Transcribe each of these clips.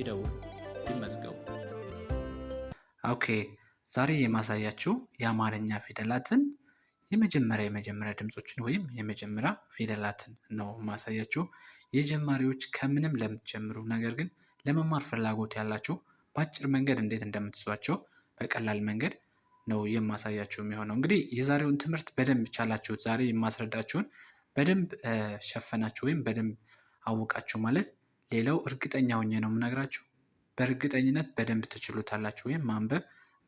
ይደውሉ፣ ይመዝገቡ። ኦኬ ዛሬ የማሳያችሁ የአማርኛ ፊደላትን የመጀመሪያ የመጀመሪያ ድምፆችን ወይም የመጀመሪያ ፊደላትን ነው የማሳያችሁ። የጀማሪዎች ከምንም ለምትጀምሩ ነገር ግን ለመማር ፍላጎት ያላችሁ በአጭር መንገድ እንዴት እንደምትሷቸው በቀላል መንገድ ነው የማሳያችሁ የሚሆነው። እንግዲህ የዛሬውን ትምህርት በደንብ ቻላችሁት፣ ዛሬ የማስረዳችሁን በደንብ ሸፈናችሁ ወይም በደንብ አወቃችሁ ማለት ሌላው እርግጠኛ ሆኜ ነው የምነግራችሁ በእርግጠኝነት በደንብ ትችሉታላችሁ ወይም ማንበብ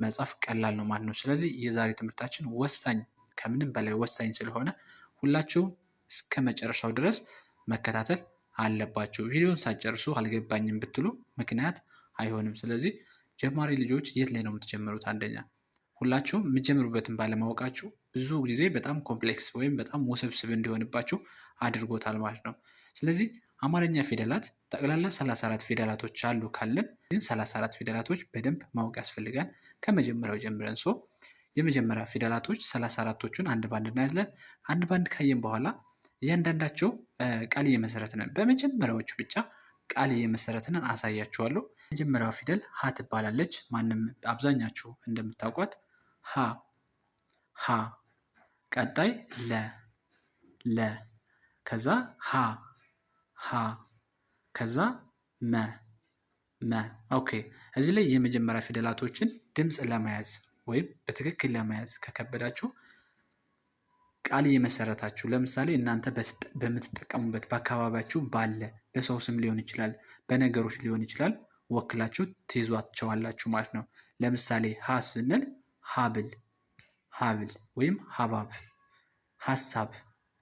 መጻፍ ቀላል ነው ማለት ነው። ስለዚህ የዛሬ ትምህርታችን ወሳኝ ከምንም በላይ ወሳኝ ስለሆነ ሁላችሁም እስከ መጨረሻው ድረስ መከታተል አለባችሁ። ቪዲዮን ሳጨርሱ አልገባኝም ብትሉ ምክንያት አይሆንም። ስለዚህ ጀማሪ ልጆች የት ላይ ነው የምትጀምሩት? አንደኛ ሁላችሁም የምትጀምሩበትን ባለማወቃችሁ ብዙ ጊዜ በጣም ኮምፕሌክስ ወይም በጣም ውስብስብ እንዲሆንባችሁ አድርጎታል ማለት ነው። ስለዚህ አማርኛ ፊደላት ጠቅላላ 34 ፊደላቶች አሉ ካለን ግን 34 ፊደላቶች በደንብ ማወቅ ያስፈልጋል። ከመጀመሪያው ጀምረን ሶ የመጀመሪያ ፊደላቶች 34ቶቹን አንድ ባንድ እናያለን። አንድ ባንድ ካየን በኋላ እያንዳንዳቸው ቃል እየመሰረት ነን። በመጀመሪያዎቹ ብቻ ቃል እየመሰረትነን አሳያችኋለሁ። መጀመሪያዋ ፊደል ሀ ትባላለች። ማንም አብዛኛችሁ እንደምታውቋት ሀ ሀ ቀጣይ ለ ለ ከዛ ሀ ሀ ከዛ መ መ። ኦኬ እዚህ ላይ የመጀመሪያ ፊደላቶችን ድምፅ ለመያዝ ወይም በትክክል ለመያዝ ከከበዳችሁ ቃል እየመሰረታችሁ ለምሳሌ እናንተ በምትጠቀሙበት በአካባቢያችሁ ባለ በሰው ስም ሊሆን ይችላል፣ በነገሮች ሊሆን ይችላል ወክላችሁ ትይዟቸዋላችሁ ማለት ነው። ለምሳሌ ሀ ስንል ሀብል ሀብል ወይም ሀባብ ሀሳብ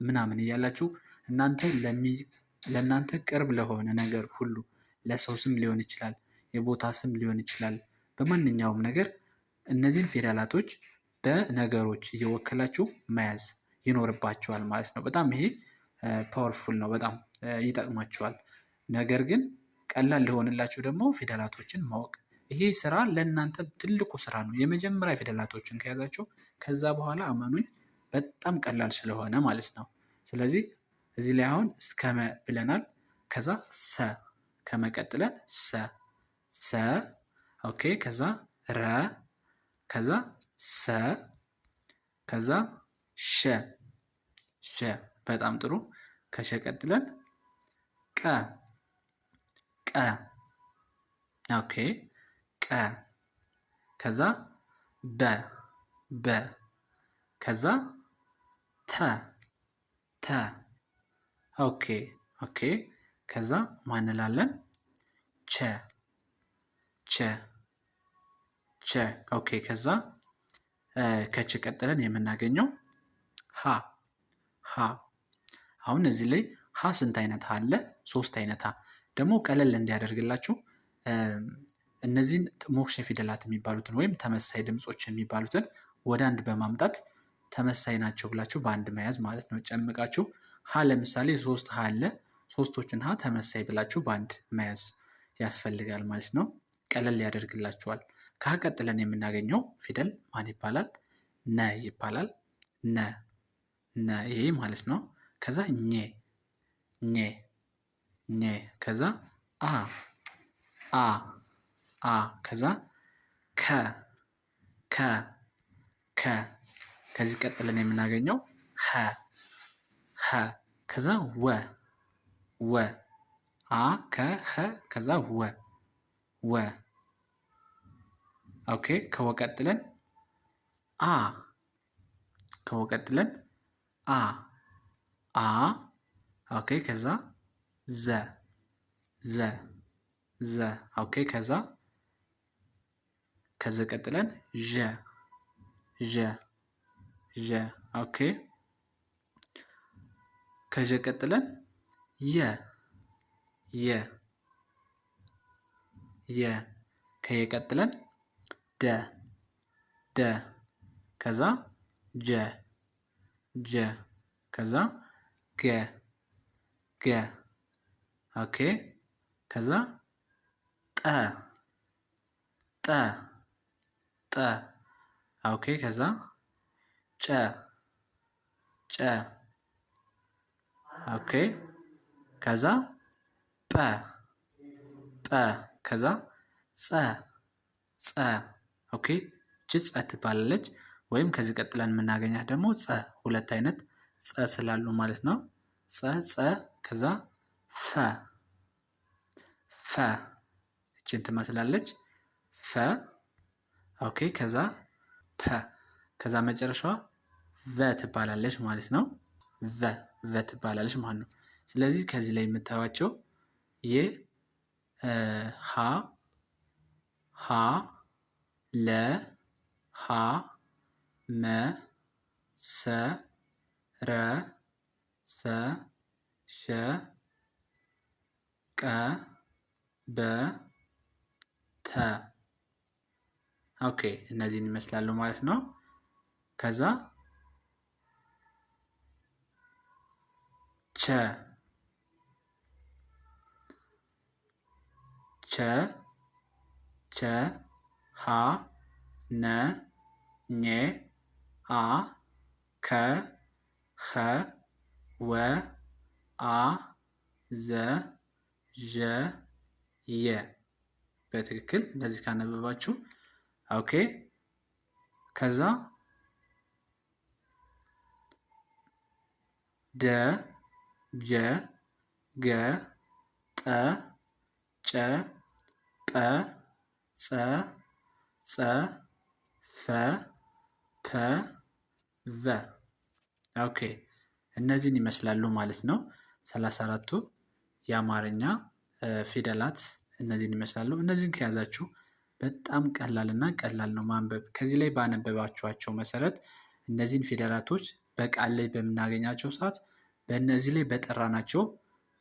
ምናምን እያላችሁ እናንተ ለሚ ለእናንተ ቅርብ ለሆነ ነገር ሁሉ ለሰው ስም ሊሆን ይችላል፣ የቦታ ስም ሊሆን ይችላል። በማንኛውም ነገር እነዚህን ፊደላቶች በነገሮች እየወከላችሁ መያዝ ይኖርባችኋል ማለት ነው። በጣም ይሄ ፓወርፉል ነው፣ በጣም ይጠቅማችኋል። ነገር ግን ቀላል ሊሆንላችሁ ደግሞ ፊደላቶችን ማወቅ ይሄ ስራ ለእናንተ ትልቁ ስራ ነው። የመጀመሪያ ፊደላቶችን ከያዛችሁ ከዛ በኋላ አመኑኝ በጣም ቀላል ስለሆነ ማለት ነው። ስለዚህ እዚህ ላይ አሁን እስከመ ብለናል። ከዛ ሰ ከመቀጥለን ሰ ሰ ኦኬ። ከዛ ረ ከዛ ሰ ከዛ ሸ ሸ። በጣም ጥሩ። ከሸ ቀጥለን ቀ ቀ ኦኬ። ቀ ከዛ በ በ ከዛ ተ ተ ኦኬ ኦኬ። ከዛ ማንላለን ቸ ቸ ቸ። ኦኬ። ከዛ ከች ቀጥለን የምናገኘው ሀ ሀ። አሁን እዚህ ላይ ሀ ስንት አይነት አለ? ሶስት አይነት ሀ። ደግሞ ቀለል እንዲያደርግላችሁ እነዚህን ሞክሸ ፊደላት የሚባሉትን ወይም ተመሳይ ድምፆች የሚባሉትን ወደ አንድ በማምጣት ተመሳይ ናቸው ብላችሁ በአንድ መያዝ ማለት ነው ጨምቃችሁ ሀ ለምሳሌ ሶስት ሀ አለ። ሶስቶችን ሀ ተመሳይ ብላችሁ በአንድ መያዝ ያስፈልጋል ማለት ነው። ቀለል ያደርግላችኋል። ከሀ ቀጥለን የምናገኘው ፊደል ማን ይባላል? ነ ይባላል። ነ ነ ይሄ ማለት ነው። ከዛ ኘ ኘ ኘ ከዛ አ አ አ ከዛ ከ ከ ከ ከዚህ ቀጥለን የምናገኘው ሀ ha. Kaza w. W. A ka ha. Kaza w. W. Okay. Kawa katilan. A. Kawa katilan. A. A. Okay. Kaza. Z. Z. Z. Okay. Kaza. Kaza katilan. J. J. J. Okay. ከዠ ቀጥለን የ የ የ ከየ ቀጥለን ደ ደ ከዛ ጀ ጀ ከዛ ገ ገ ኦኬ ከዛ ጠ ጠ ጠ ኦኬ ከዛ ጨ ጨ ኦኬ ከዛ ጰ ጰ ከዛ ጸ ጸ ኦኬ እች ጸ ትባላለች። ወይም ከዚህ ቀጥለን የምናገኛት ደግሞ ጸ ሁለት አይነት ጸ ስላሉ ማለት ነው። ጸ ጸ ከዛ ፈ ፈ እችን ትመስላለች። ፈ ኦኬ ከዛ ፐ ከዛ መጨረሻዋ ቨ ትባላለች ማለት ነው። ቨ ቨ ትባላለች ማለት ነው። ስለዚህ ከዚህ ላይ የምታዩቸው ሀ ሀ ለ ሀ መ ሰ ረ ሰ ሸ ቀ በ ተ ኦኬ፣ እነዚህን ይመስላሉ ማለት ነው። ከዛ ቸ ቸ ቸ ሀ ነ ኘ አ ከ ኸ ወ አ ዘ ዠ የ በትክክል እንደዚህ ካነበባችሁ ኦኬ። ከዛ ደ ጀ ገ ጠ ጨ ጰ ጸ ጸ ፈ ፐ ቨ። ኦኬ እነዚህን ይመስላሉ ማለት ነው። ሰላሳ አራቱ የአማርኛ ፊደላት እነዚህን ይመስላሉ። እነዚህን ከያዛችሁ በጣም ቀላልና ቀላል ነው ማንበብ። ከዚህ ላይ ባነበባችኋቸው መሰረት እነዚህን ፊደላቶች በቃል ላይ በምናገኛቸው ሰዓት በእነዚህ ላይ በጠራናቸው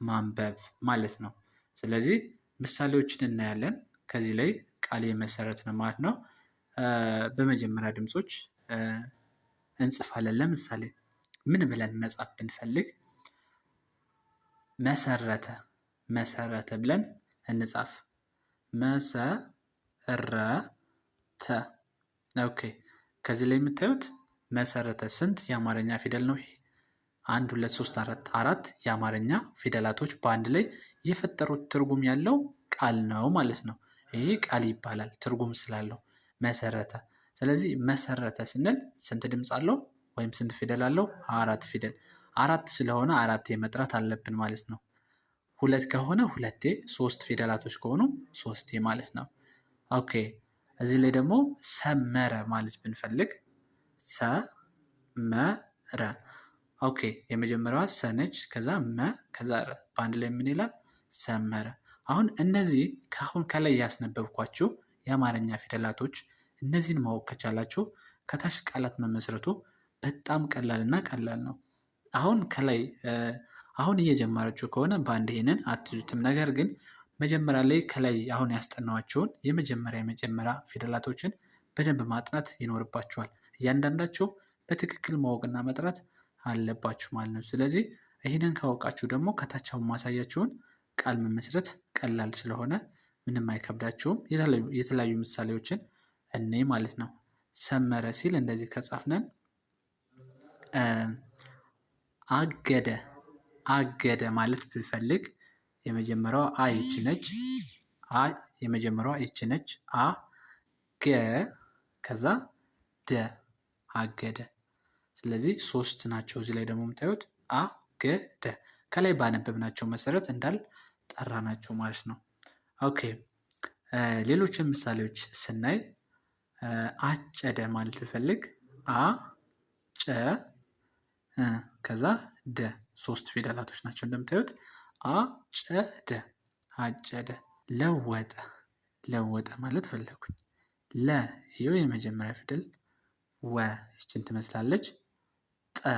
ማንበብ ማለት ነው። ስለዚህ ምሳሌዎችን እናያለን። ከዚህ ላይ ቃል የመሰረት ነው ማለት ነው። በመጀመሪያ ድምፆች እንጽፋለን። ለምሳሌ ምን ብለን መጻፍ ብንፈልግ መሰረተ መሰረተ ብለን እንጻፍ። መሰረተ ኦኬ። ከዚህ ላይ የምታዩት መሰረተ ስንት የአማርኛ ፊደል ነው ይሄ? አንድ ሁለት ሶስት አራት አራት የአማርኛ ፊደላቶች በአንድ ላይ የፈጠሩት ትርጉም ያለው ቃል ነው ማለት ነው። ይሄ ቃል ይባላል ትርጉም ስላለው መሰረተ። ስለዚህ መሰረተ ስንል ስንት ድምፅ አለው ወይም ስንት ፊደል አለው? አራት ፊደል። አራት ስለሆነ አራቴ መጥራት አለብን ማለት ነው። ሁለት ከሆነ ሁለቴ፣ ሶስት ፊደላቶች ከሆኑ ሶስቴ ማለት ነው። ኦኬ እዚህ ላይ ደግሞ ሰመረ ማለት ብንፈልግ ሰመረ ኦኬ የመጀመሪያዋ ሰነች ከዛ መ ከዛ ረ በአንድ ላይ ምን ይላል ሰመረ። አሁን እነዚህ ከአሁን ከላይ ያስነበብኳችሁ የአማርኛ ፊደላቶች እነዚህን ማወቅ ከቻላችሁ ከታች ቃላት መመስረቱ በጣም ቀላልና ቀላል ነው። አሁን ከላይ አሁን እየጀመራችሁ ከሆነ በአንድ ይሄንን አትዙትም። ነገር ግን መጀመሪያ ላይ ከላይ አሁን ያስጠናዋቸውን የመጀመሪያ የመጀመሪያ ፊደላቶችን በደንብ ማጥናት ይኖርባቸዋል። እያንዳንዳቸው በትክክል ማወቅና መጥራት አለባችሁ ማለት ነው። ስለዚህ ይህንን ካወቃችሁ ደግሞ ከታቻውን ማሳያችሁን ቃል መመስረት ቀላል ስለሆነ ምንም አይከብዳችሁም። የተለያዩ ምሳሌዎችን እኔ ማለት ነው ሰመረ ሲል እንደዚህ ከጻፍነን አገደ አገደ ማለት ብፈልግ የመጀመሪያዋ አ ይች ነች። አ ነች። አ ገ ከዛ ደ አገደ ስለዚህ ሶስት ናቸው። እዚህ ላይ ደግሞ የምታዩት አ ገ ደ ከላይ ባነበብናቸው መሰረት እንዳል ጠራ ናቸው ማለት ነው። ኦኬ ሌሎችን ምሳሌዎች ስናይ አጨደ ማለት ብፈልግ አ ጨ ከዛ ደ ሶስት ፊደላቶች ናቸው እንደምታዩት አ ደ አጨደ ለወጠ ለወጠ ማለት ፈለጉኝ ለ ይኸው የመጀመሪያ ፊደል ወ ይችን ትመስላለች ጠ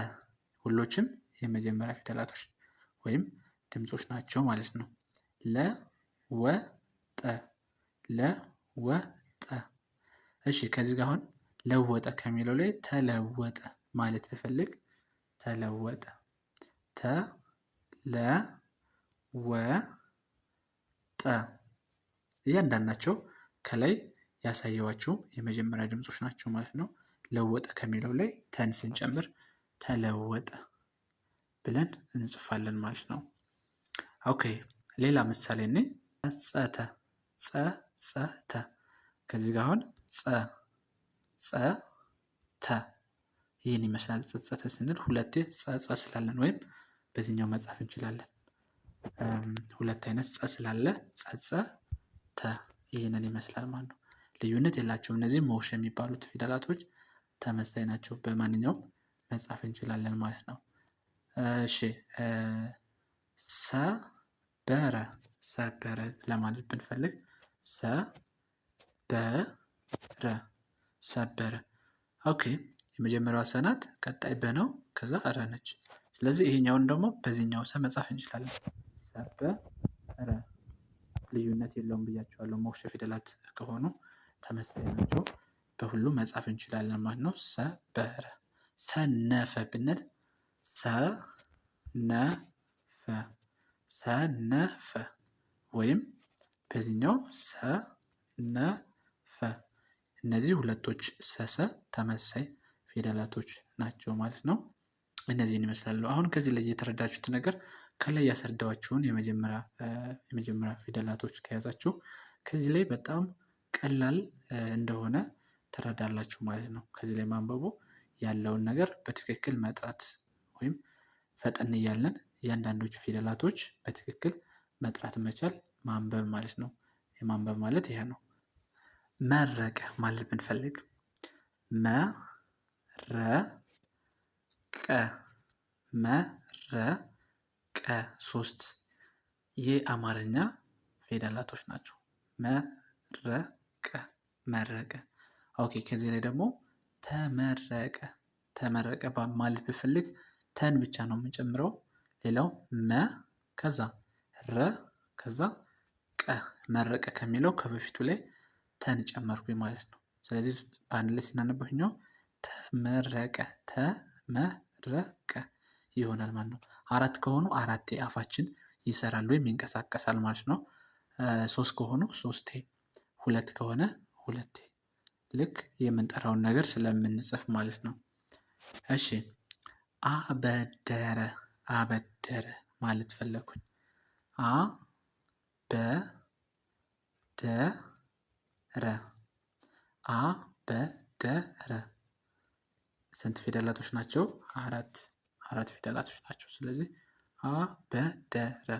ሁሎችም የመጀመሪያ ፊደላቶች ወይም ድምፆች ናቸው ማለት ነው። ለ ወ ጠ ለ ወ ጠ። እሺ ከዚህ ጋር አሁን ለወጠ ከሚለው ላይ ተለወጠ ማለት ብፈልግ ተለወጠ ተ ለ ወ ጠ እያንዳንዳቸው ከላይ ያሳየዋቸው የመጀመሪያ ድምፆች ናቸው ማለት ነው። ለወጠ ከሚለው ላይ ተን ስንጨምር ተለወጠ ብለን እንጽፋለን ማለት ነው። ኦኬ ሌላ ምሳሌ እኔ ጸተ ጸጸተ ከዚህ ጋር አሁን ጸ ጸተ ይህን ይመስላል። ጸጸተ ስንል ሁለቴ ጸጸ ስላለን ወይም በዚህኛው መጻፍ እንችላለን። ሁለት አይነት ጸ ስላለ ተ ይህንን ይመስላል ማለት ነው። ልዩነት የላቸውም። እነዚህ መውሽ የሚባሉት ፊደላቶች ተመሳሳይ ናቸው በማንኛውም መጻፍ እንችላለን ማለት ነው። እሺ ሰበረ ሰበረ ለማለት ብንፈልግ ሰበረ ሰበረ። ኦኬ የመጀመሪያዋ ሰናት ቀጣይ በ ነው፣ ከዛ ረ ነች። ስለዚህ ይሄኛውን ደግሞ በዚህኛው ሰ መጻፍ እንችላለን። ሰበረ ልዩነት የለውም ብያቸዋለሁ። ሞክሸ ፊደላት ከሆኑ ተመሳሳይ ናቸው። በሁሉም መጻፍ እንችላለን ማለት ነው። ሰበረ ሰነፈ ብንል ሰነፈ ሰነፈ ወይም በዚህኛው ሰነፈ። እነዚህ ሁለቶች ሰሰ ተመሳይ ፊደላቶች ናቸው ማለት ነው። እነዚህን ይመስላሉ። አሁን ከዚህ ላይ የተረዳችሁት ነገር ከላይ ያስረዳዋችሁን የመጀመሪያ ፊደላቶች ከያዛችሁ ከዚህ ላይ በጣም ቀላል እንደሆነ ትረዳላችሁ ማለት ነው። ከዚህ ላይ ማንበቡ ያለውን ነገር በትክክል መጥራት ወይም ፈጠን እያለን እያንዳንዶቹ ፊደላቶች በትክክል መጥራት መቻል ማንበብ ማለት ነው። የማንበብ ማለት ይሄ ነው። መረቀ ማለት ብንፈልግ መረቀ መረቀ ሶስት የአማርኛ ፊደላቶች ናቸው። መረቀ መረቀ። ኦኬ ከዚህ ላይ ደግሞ ተመረቀ ተመረቀ ማለት ብፈልግ ተን ብቻ ነው የምንጨምረው። ሌላው መ ከዛ ረ ከዛ ቀ መረቀ ከሚለው ከበፊቱ ላይ ተን ጨመርኩኝ ማለት ነው። ስለዚህ በአንድ ላይ ስናነበው ተመረቀ ተመረቀ ይሆናል ማለት ነው። አራት ከሆኑ አራቴ አፋችን ይሰራል ወይም ይንቀሳቀሳል ማለት ነው። ሶስት ከሆኑ ሶስቴ፣ ሁለት ከሆነ ሁለቴ ልክ የምንጠራውን ነገር ስለምንጽፍ ማለት ነው። እሺ አበደረ አበደረ ማለት ፈለግኩኝ። አ በ ደ ረ አ በ ደ ረ ስንት ፊደላቶች ናቸው? አራት አራት ፊደላቶች ናቸው። ስለዚህ አ በ ደ ረ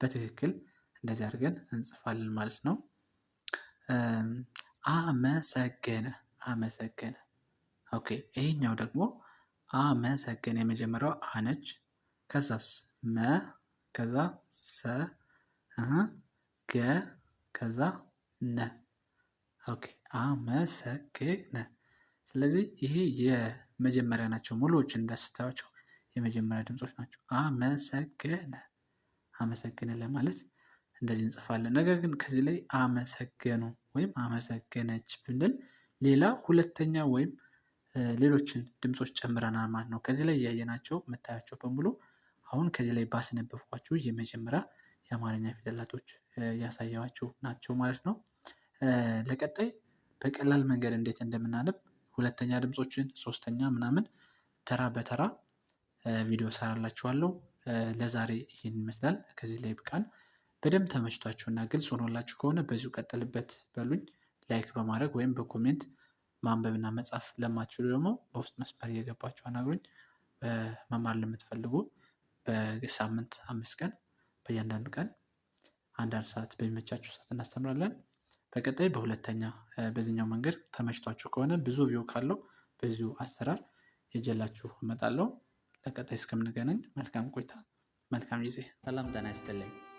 በትክክል እንደዚህ አድርገን እንጽፋለን ማለት ነው። አመሰገነ አመሰገነ። ኦኬ ይሄኛው ደግሞ አመሰገነ የመጀመሪያው አነች ከዛስ መ ከዛ ሰ ገ ከዛ ነ ኦኬ አመሰገነ። ስለዚህ ይሄ የመጀመሪያ ናቸው። ሙሉዎች እንዳስታዋቸው የመጀመሪያ ድምጾች ናቸው። አመሰገነ አመሰገነ ለማለት እንደዚህ እንጽፋለን። ነገር ግን ከዚህ ላይ አመሰገኑ ወይም አመሰገነች ብንል ሌላ ሁለተኛ ወይም ሌሎችን ድምፆች ጨምረናል ማለት ነው። ከዚህ ላይ እያየናቸው የምታያቸው በሙሉ አሁን ከዚህ ላይ ባስነበብኳችሁ የመጀመሪያ የአማርኛ ፊደላቶች ያሳየኋችሁ ናቸው ማለት ነው። ለቀጣይ በቀላል መንገድ እንዴት እንደምናነብ ሁለተኛ ድምፆችን፣ ሶስተኛ ምናምን ተራ በተራ ቪዲዮ ሰራላችኋለሁ። ለዛሬ ይህን ይመስላል። ከዚህ ላይ ብቃን። በደንብ ተመችቷችሁና ግልጽ ሆኖላችሁ ከሆነ በዚሁ ቀጥልበት በሉኝ። ላይክ በማድረግ ወይም በኮሜንት ማንበብና መጻፍ ለማትችሉ ደግሞ በውስጥ መስመር እየገባችሁ አናግሩኝ። መማር ለምትፈልጉ በሳምንት አምስት ቀን በእያንዳንዱ ቀን አንዳንድ ሰዓት በሚመቻችሁ ሰዓት እናስተምራለን። በቀጣይ በሁለተኛ በዚህኛው መንገድ ተመችቷችሁ ከሆነ ብዙ ቪው ካለው በዚሁ አሰራር ይዤላችሁ እመጣለሁ። ለቀጣይ እስከምንገናኝ መልካም ቆይታ፣ መልካም ጊዜ። ሰላም ጤና ይስጥልኝ።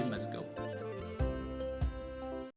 and let's go.